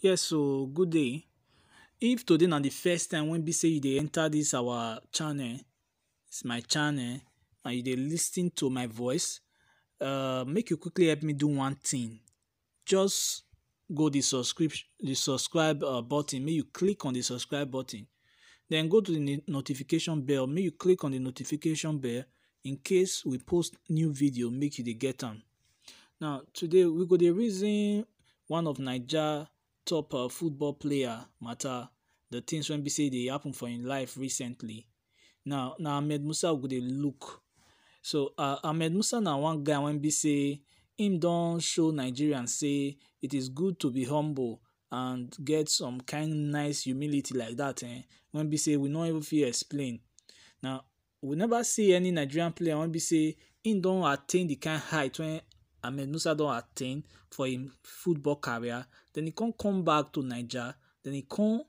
Yes, so good day. If today not the first time when be say you dey enter this our channel, it's my channel, and you dey lis to my voice, uh, make you quickly help me do one thing. Just go the subscription, the subscribe uh, button. Make you click on the subscribe button. Then go to the notification bell. Make you click on the notification bell in case we post new video. Make you dey get am. Now today we go the reason one of Naija top um football player matter the things when be say they happen for im life recently now now Ahmed Musa we go dey look. So um Ahmed Musa na one guy when be say him don show Nigerians say it is good to be humble and get some kind nice humility like that. Eh, when be say we no even fit explain. Now we never see any Nigerian player when be say him don attain the kind height when. Ahmed Musa don attain for im football career Then he can't come back to Naija Then he can't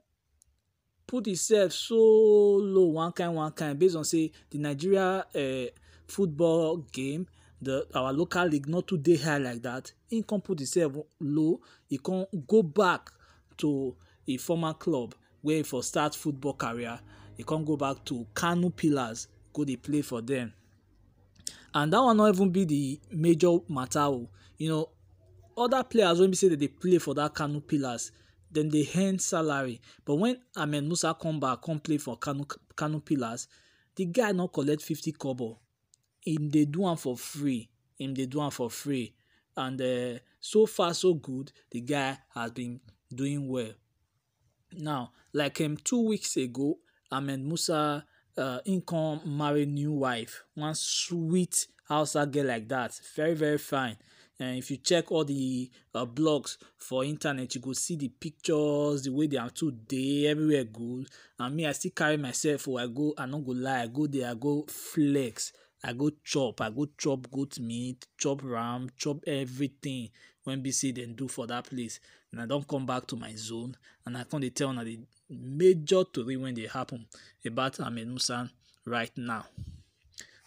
put himself so low one kind one kind based on say the Nigeria uh, football game the our local league not too dey high like that He can't put himself low He can't go back to a former club where he for start football career He can't go back to Kano Pillars go dey play for them and that one not even be the major matter o oh. you know Other players wey be say dem dey play for that kano pillars dem dey earn salary but when ahmed musa come back come play for kano kano pillars the guy no collect fifty kobo im dey do am for free im dey do am for free and uh, so far so good the guy has been doing well now like um, two weeks ago ahmed musa uh, in come marry new wife one sweet hausa girl like that very very fine and if you check all the uh, blogs for internet you go see the pictures the way they are too dey everywhere good and me i still carry myself oh i go i no go lie i go there i go flex i go chop i go chop goat meat chop ram chop everything When be say dem do for that place and i don come back to my zone and i come dey tell una the major tori wey dey happen about Ahmed Musa right now.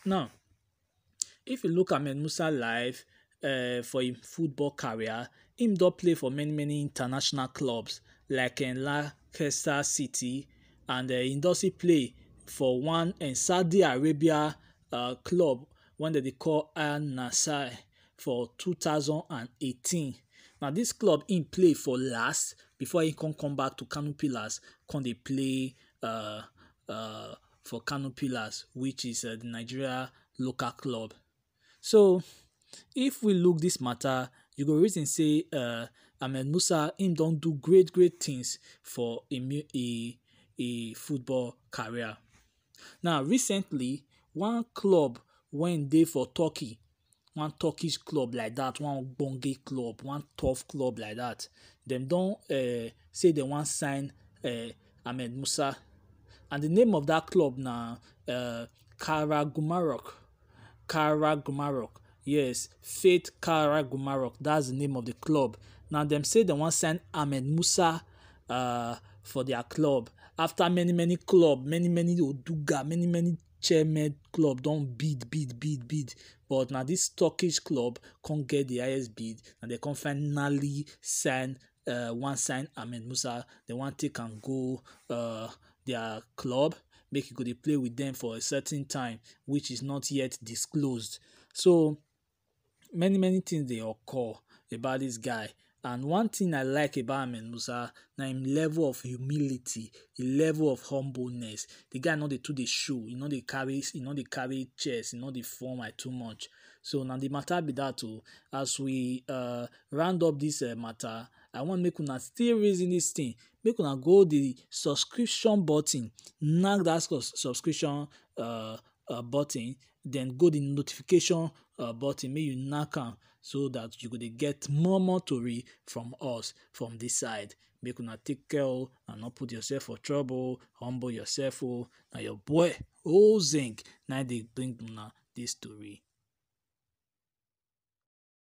Now, if you look Ahmed Musa life uh, for him football career, him don play for many many international clubs like uh, Leicester City and uh, he also play for one uh, Saudi Arabia uh, club wey dem dey call Al Nassr for 2018. Na dis club im play for last before he can come back to Kano Pillars come they play uh, uh, for Kano Pillars which is uh, the Nigeria local club. So if we look this matter you go reason say uh, Ahmed Musa him don't do great great things for a, a, a football career. Now recently one club went there for Turkey one turkish club like that, one ogbonge club one tough club like that. Them do uh, eh, say they want sign uh, ahmed musa and the name of that club Kara uh, eh, Kara Gumarok, yes faith Gumarok. that's the name of the club now them say they want sign ahmed musa uh, for their club after many many club many many oduga many many chairman club don bid bid bid bid but now this turkish club can't get the highest bid and they can finally sign uh, one sign ahmed musa they want to can go uh, their club make it go dey play with them for a certain time which is not yet disclosed so many many things they occur about this guy And one thing I like about Ahmed Musa na him level of humility, the level of humbleness. The guy no dey too the show, you know they carry, you know they carry chest, you know dey form like too much. So now the matter be that too. Oh. As we uh, round up this uh, matter, I want make una still raising this thing. Make una go the subscription button, knack that subscription uh, uh, button then go the notification uh, button may you knock on, so that you could get more more tori from us from this side make una take care and not put yourself for trouble humble yourself Oh, now your boy oh zinc now they bring una this story.